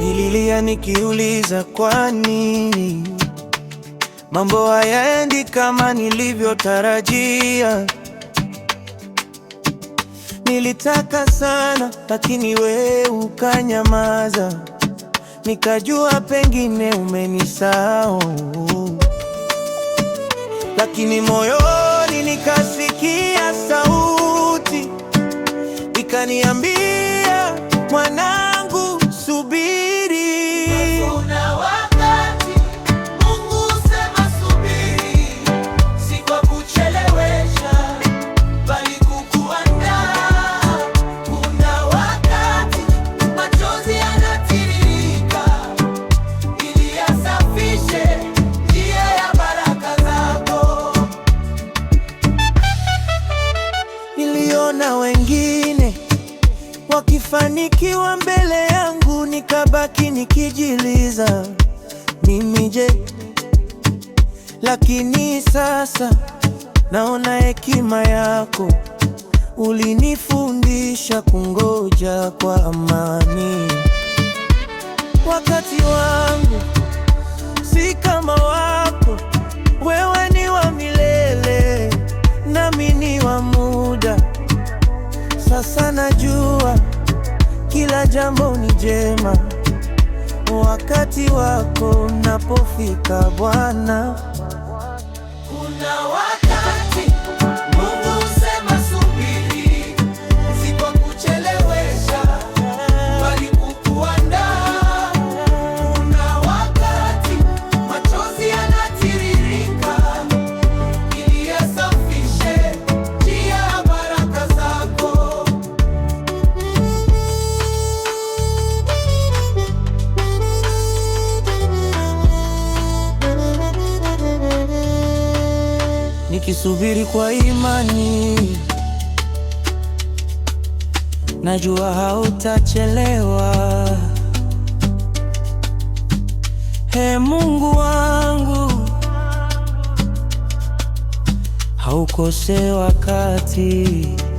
Nililia nikiuliza kwa nini mambo hayaendi kama nilivyotarajia. Nilitaka sana lakini we ukanyamaza, nikajua pengine umenisahau, lakini moyoni nikasikia sauti ikaniambia na wengine wakifanikiwa mbele yangu, nikabaki nikijiliza mimi je? Lakini sasa naona hekima yako, ulinifundisha kungoja kwa amani. Wakati wangu si kama wako, wewe ni wa milele nami ni wa muda. Sasa najua kila jambo ni jema wakati wako unapofika Bwana. nikisubiri kwa imani, najua hautachelewa. He Mungu wangu, haukose wakati